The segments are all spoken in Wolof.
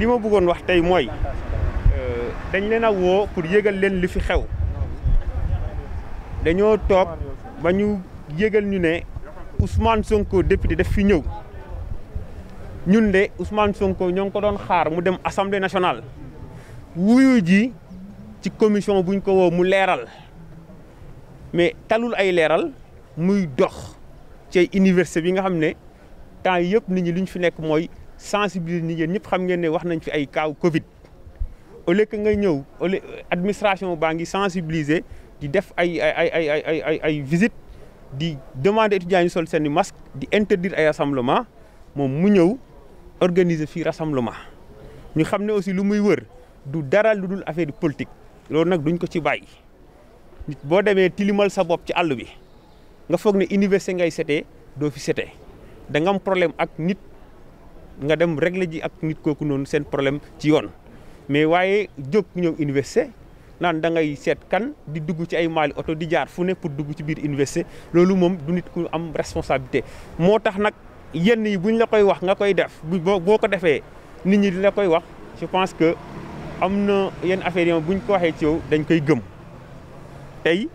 li ma bëggoon wax tey mooy euh, dañ leen a woo pour yëgal leen li fi xew dañoo toog ba ñu yëgal ñu ne Ousmane Sonko député def fi ñëw ñun de Ousmane Sonko ñoo ngi ko doon xaar mu dem assemblée nationale wuyu ji ci commission buñ ko woo mu leeral mais talul ay leeral muy dox ci université bi nga xam ne temps yëpp nit ñi li ñu fi nekk mooy sensibiliser nit yéen ñëpp xam ngeen ne wax nañ fi ay cas Covid au lieu que ngay ñëw au lieu administration baa ngi sensibiliser di def ay ay ay ay ay ay ay visite di demander étudiants ñu sol seen i masque di interdire ay rassemblement moom mu ñëw organiser fii rassemblement ñu xam ne aussi lu muy wër du dara lu dul affaire politique loolu nag duñ ko ci bàyyi nit boo demee tilimal sa bopp ci àll bi nga foog ne université ngay setee doo fi setee da nga am problème ak nit nga dem régler ji ak nit kooku noonu seen problème ci yoon mais waaye jóg ñëw université naan da ngay seet kan di dugg ci ay maali oto di jaar fu ne pour dugg ci biir université loolu moom du nit ku am responsabilité moo tax nag yenn yi buñ la koy wax nga koy def boo ko defee nit ñi di la koy wax je pense que am na yenn affaire yi buñ ko waxee ci yow dañ koy gëm tey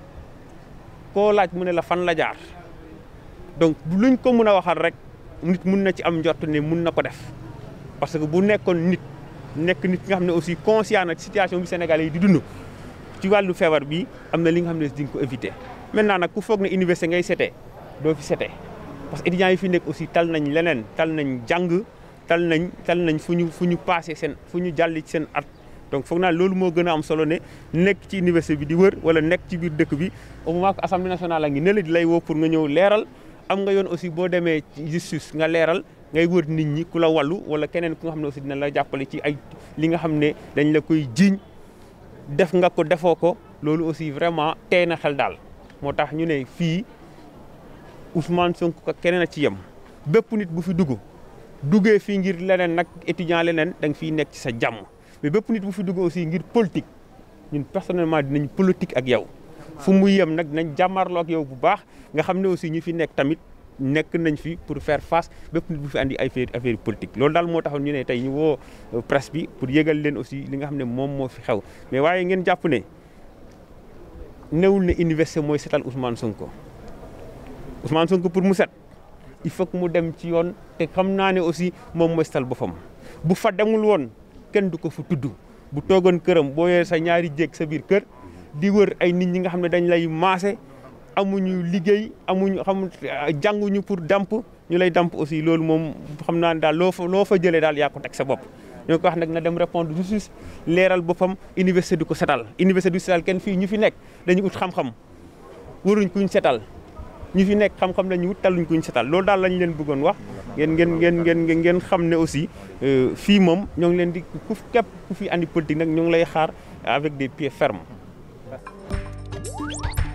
ko laaj mu ne la fan la jaar donc lu luñ ko mun a waxal rek nit mun na ci am njort ne mun na ko def parce que bu nekkoon nit nekk nit ki nga xam ne aussi conscient na situation bi Sénégalais yi di dund ci wàllu feebar bi am na li nga xam ne di nga ko éviter. maintenant nag ku foog ne université ngay setee doo fi setee parce que étudiants yi fi nekk aussi tal nañ leneen tal nañ jàng tal nañ tal nañ fu ñu fu ñu passé seen fu ñu jàll ci seen at. donc foog naa loolu moo gën a am solo ne nekk ci université bi di wër wala nekk ci biir dëkk bi au moment que assemblée nationale a ngi lay woo pour nga ñëw leeral. am nga yoon aussi boo demee justice nga leeral ngay wër nit ñi ku la wàllu wala keneen ku nga xam ne aussi dina la jàppale ci ay li nga xam ne dañ la koy jiiñ def nga ko defoo ko loolu aussi vraiment tey na xel daal moo tax ñu ne fii Ousmane Sonko ko keneen a ci yem bépp nit bu fi dugg duggee fii ngir leneen nag étudiant leneen da nga fiy nekk ci sa jàmm mais bépp nit bu fi dugg aussi ngir politique ñun personnellement dinañ politique ak yow fu muy yem nag nañ jàmmarloo yow bu baax nga xam ne aussi ñi fi nekk tamit nekk nañ fi pour fair face bépp nit bu fi andi ay affaire politique loolu daal moo taxoon ñu ne tey ñu woo euh, presse bi pour yégal leen aussi li nga xam ne moom moo fi xew mais waaye ngeen jàpp ne newul ne université mooy setal Ousmane Sonko Ousmane Sonko pour mu set il faut mu dem ci yoon te xam naa ne aussi moom mooy setal boppam bu fa demul woon kenn du ko fu tudd bu toogoon këram boo sa ñaari jéeg sa biir kër. di wër ay nit ñi nga xam ne dañ lay maase amuñu liggéey amuñu xam jànguñu pour damp ñu lay damp aussi loolu moom xam naa ne daal loo fa loo fa jëlee daal yaa ko teg sa bopp. ñoo ko wax nag na dem répondre justice leeral boppam université du ko setal université du kenn fii ñu fi nekk dañu ut xam-xam waruñ kuñ setal ñu fi nekk xam-xam la ñu ut taluñ kuñ setal loolu daal lañ leen bëggoon wax. ngeen ngeen ngeen ngeen ngeen xam ne aussi euh, fii moom ñoo ngi leen di ku képp ku fi andi politique nag ñoo ngi lay xaar avec des pieds fermes. Thank you.